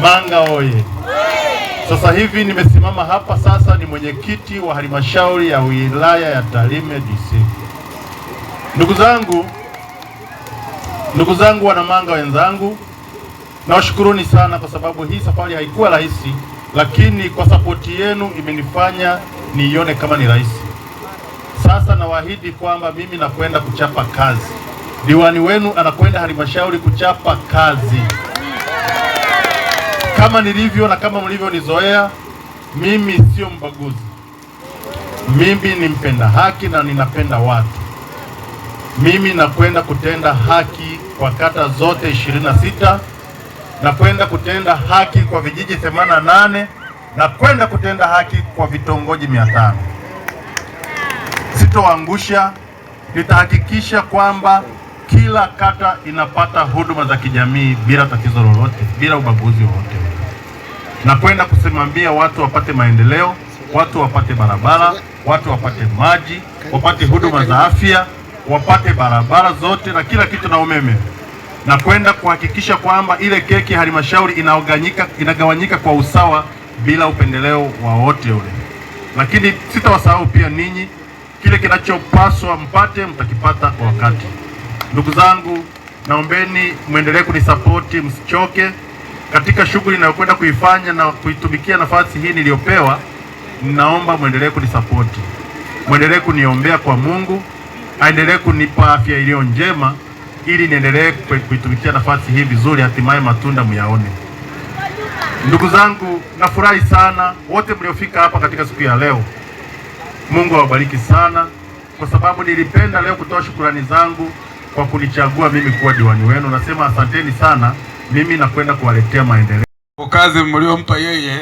Manga oye! Sasa hivi nimesimama hapa sasa, ni mwenyekiti wa halmashauri ya wilaya ya Tarime DC. Ndugu zangu, ndugu zangu, wana Manga wenzangu Nawashukuruni sana kwa sababu hii safari haikuwa rahisi, lakini kwa sapoti yenu imenifanya niione kama ni rahisi. Sasa nawaahidi kwamba mimi nakwenda kuchapa kazi, diwani wenu anakwenda halmashauri kuchapa kazi kama nilivyo na kama mlivyonizoea. Mimi sio mbaguzi, mimi ni mpenda haki na ninapenda watu. Mimi nakwenda kutenda haki kwa kata zote 26 na kwenda kutenda haki kwa vijiji 88 na kwenda kutenda haki kwa vitongoji 500. Sitoangusha, nitahakikisha kwamba kila kata inapata huduma za kijamii bila tatizo lolote, bila ubaguzi wowote, na kwenda kusimamia watu wapate maendeleo, watu wapate barabara, watu wapate maji, wapate huduma za afya, wapate barabara zote na kila kitu na umeme na kwenda kuhakikisha kwamba ile keki ya halmashauri inagawanyika, inagawanyika kwa usawa bila upendeleo wowote ule. Lakini sitawasahau pia ninyi, kile kinachopaswa mpate mtakipata kwa wakati. Ndugu zangu, naombeni mwendelee kunisapoti, msichoke katika shughuli inayokwenda kuifanya na kuitumikia nafasi hii niliyopewa. Ninaomba mwendelee kunisapoti, mwendelee kuniombea kwa Mungu, aendelee kunipa afya iliyo njema ili niendelee kuitumikia nafasi hii vizuri, hatimaye matunda myaone. Ndugu zangu, nafurahi sana wote mliofika hapa katika siku ya leo. Mungu awabariki sana, kwa sababu nilipenda leo kutoa shukurani zangu kwa kunichagua mimi kuwa diwani wenu. Nasema asanteni sana, mimi nakwenda kuwaletea maendeleo. Kazi mliompa yeye,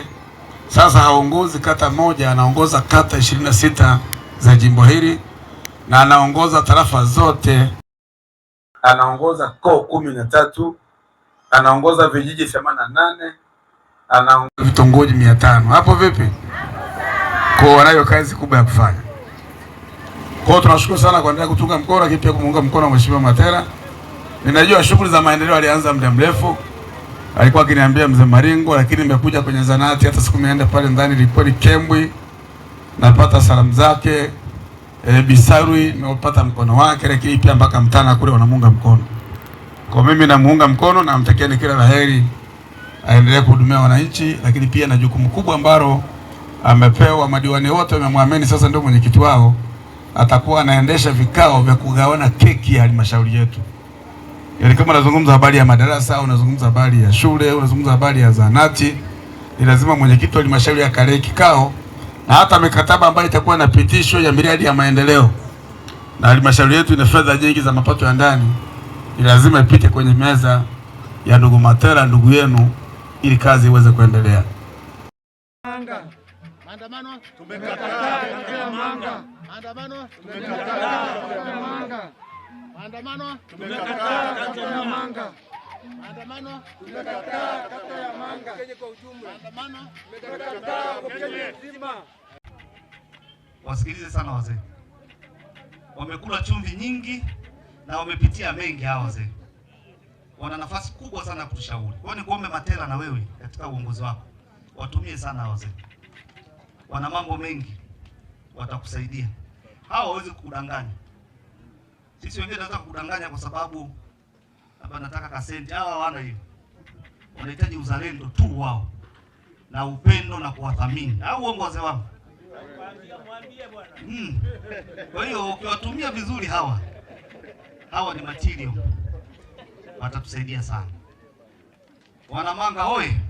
sasa haongozi kata moja, anaongoza kata ishirini na sita za jimbo hili na anaongoza tarafa zote anaongoza koo kumi na tatu anaongoza vijiji themanini na nane anaongoza vitongoji mia tano Hapo vipi? Kwa wanayo kazi kubwa ya kufanya. Kwa tunashukuru sana kuendelea kutunga mkono, lakini pia kumuunga mkono Mheshimiwa Matera. Ninajua shughuli za maendeleo alianza muda mrefu, alikuwa akiniambia mzee Maringo, lakini nimekuja kwenye zanati, hata siku nimeenda pale ndani ilikuwa ni kembwi, napata salamu zake e, Bisarwi nimeupata mkono wake, lakini pia mpaka Mtana kule wanamuunga mkono. Kwa mimi namuunga mkono na ni kila laheri aendelee kuhudumia wananchi, lakini pia na jukumu kubwa ambalo amepewa. Madiwani wote wamemwamini, sasa ndio mwenyekiti wao, atakuwa anaendesha vikao vya kugawana keki ya halmashauri yetu. Yaani kama unazungumza habari ya madarasa unazungumza habari ya shule, unazungumza habari ya zahanati, ni lazima mwenyekiti wa halmashauri akalee kikao na hata mikataba ambayo itakuwa na pitisho ya miradi ya maendeleo, na halmashauri yetu ina fedha nyingi za mapato ya ndani, ni lazima ipite kwenye meza ya ndugu Matera, ndugu yenu, ili kazi iweze kuendelea. maandamano tumekataa. Maandamano tumekataa kata ya Manga Kenya kwa ujumla. Maandamano tumekataa kwa Kenya nzima. Wasikilize sana wazee, wamekula chumvi nyingi na wamepitia mengi. Hawa wazee wana nafasi kubwa sana kutushauri. Kwa hiyo Matela, na wewe katika uongozi wako watumie sana hawa wazee, wana mambo mengi, watakusaidia. Hawa hawawezi kukudanganya. Sisi wengine tunataka kukudanganya kwa sababu labda nataka kasenti. Hawa wana hiyo, wanahitaji uzalendo tu wao na upendo na kuwathamini, au uongo wazee wangu? Mm. Kwa hiyo ukiwatumia vizuri hawa hawa ni material, watatusaidia sana. Wanamanga oye!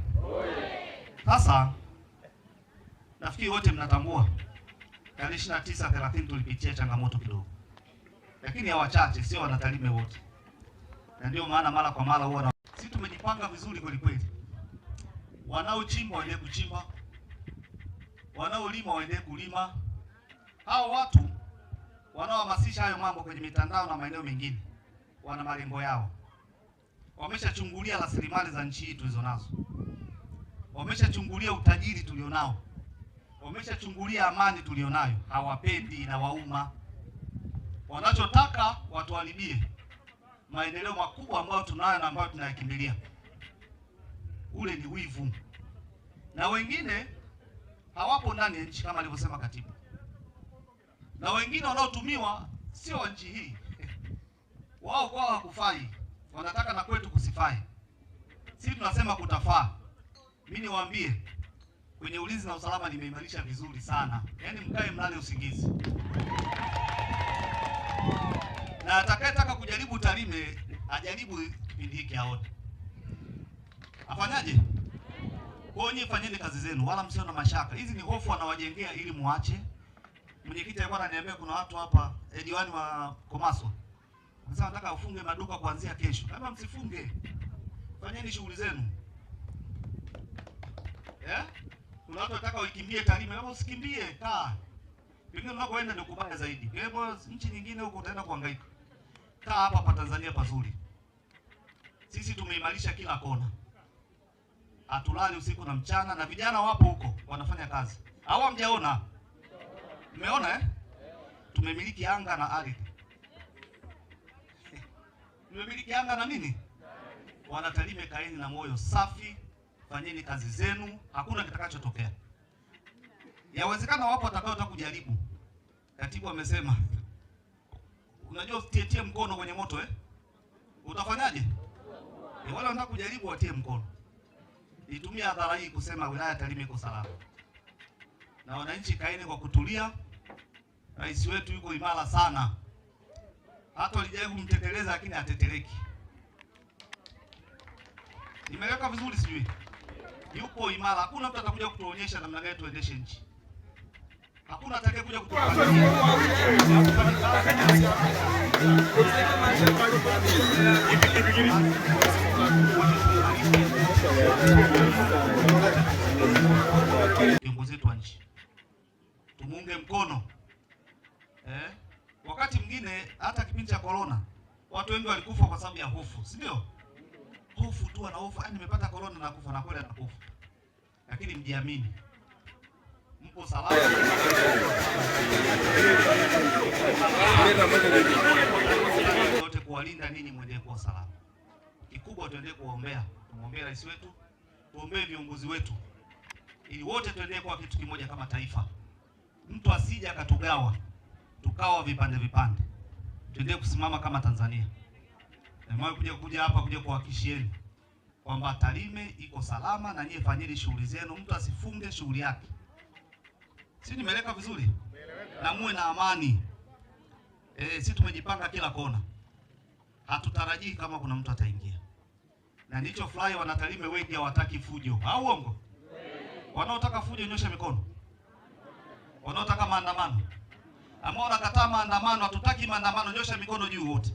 Sasa nafikiri wote mnatambua tarehe 29 30 tulipitia changamoto kidogo, lakini hawachache sio wanatalime wote na ndio maana mara kwa mara huwa na... sisi tumejipanga vizuri kweli kweli, wanaochimba waendelee kuchimba, wanaolima waendelee kulima. Hao watu wanaohamasisha hayo mambo kwenye mitandao na maeneo mengine wana malengo yao, wameshachungulia rasilimali za nchi hii tulizo nazo, wameshachungulia utajiri tulionao, wameshachungulia amani tulionayo. Hawapendi na wauma, wanachotaka watuharibie maendeleo makubwa ambayo tunayo na ambayo tunayakimbilia. Ule ni wivu, na wengine hawapo ndani ya nchi kama alivyosema katibu, na wengine wanaotumiwa sio wa nchi hii wao kwao hakufai, wanataka na kwetu kusifai. si tunasema kutafaa. Mimi niwaambie, kwenye ulinzi na usalama nimeimarisha vizuri sana, yaani mkae mlale usingizi na atakayetaka kujaribu Tarime ajaribu kipindi hiki aone afanyaje. Kwa hiyo fanyeni kazi zenu, wala msio na mashaka. Hizi ni hofu anawajengea ili muache. Mwenyekiti alikuwa ananiambia kuna watu hapa eh, diwani wa Komaso sasa nataka ufunge maduka kuanzia kesho. Kama msifunge, fanyeni shughuli zenu yeah? Kuna watu nataka uikimbie Tarime, kama usikimbie, kaa ah. pengine unakoenda ni kubaya zaidi. Kwa hivyo nchi nyingine huko utaenda kuhangaika kaa hapa kwa Tanzania pazuri. Sisi tumeimarisha kila kona, hatulali usiku na mchana, na vijana wapo huko wanafanya kazi. Au hamjaona? Mmeona eh? Tumemiliki anga na ardhi, tumemiliki anga na nini. Wanatalime, kaeni na moyo safi, fanyeni kazi zenu, hakuna kitakachotokea. Yawezekana wapo watakaotaka kujaribu. Katibu amesema Unajua usitetie mkono kwenye moto eh? Utafanyaje? Eh, e, wala unataka kujaribu watie mkono. itumia hadhara hii kusema wilaya Tarime iko salama. Na wananchi kaeni kwa kutulia. Rais wetu yuko imara sana. Hata alijaribu kumtekeleza lakini ateteleki. Nimeweka vizuri sijui. Yuko imara. Hakuna mtu atakuja kutuonyesha namna gani tuendeshe nchi hakuna atakayekuja viongozi wetu wa nchi tumuunge mkono eh. Wakati mwingine hata kipindi cha korona watu wengi walikufa kwa sababu ya hofu, si ndio? Hofu tu, anahofu ah, nimepata corona, nakufa na kweli anakufa, lakini mjiamini mpo sawa. Wote kuwalinda ninyi, mwendelee kuwa salama. Kikubwa tuendelee kuwaombea, tumwombee rais wetu, tuombee viongozi wetu, ili wote tuendelee kuwa kitu kimoja kama taifa. Mtu asija akatugawa tukawa vipande vipande, tuendelee kusimama kama Tanzania. Nimewahi kuja kuja hapa kuja kuhakikishieni kwamba Tarime iko salama na nyie fanyeni shughuli zenu, mtu asifunge shughuli yake si nimeleka vizuri? Na muwe na amani e, si tumejipanga kila kona, hatutarajii kama kuna mtu ataingia, na fly. wanatalime wengi hawataki fujo, au uongo? Wanaotaka fujo nyosha mikono, wanaotaka maandamano, ambao wanakataa maandamano, hatutaki maandamano, nyosha mikono juu, wote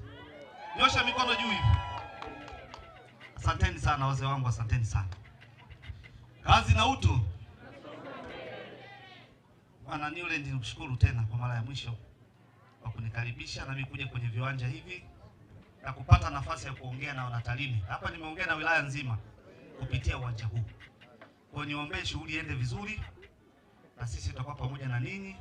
nyosha mikono juu hivi. Asanteni sana wazee wangu, asanteni sana. Kazi na utu. Bwana Newland, nikushukuru tena kwa mara ya mwisho kwa kunikaribisha nami kuja kwenye viwanja hivi na kupata nafasi ya kuongea na wanatalime hapa. Nimeongea na wilaya nzima kupitia uwanja huu, kwa niombee shughuli iende vizuri, na sisi tutakuwa pamoja na ninyi.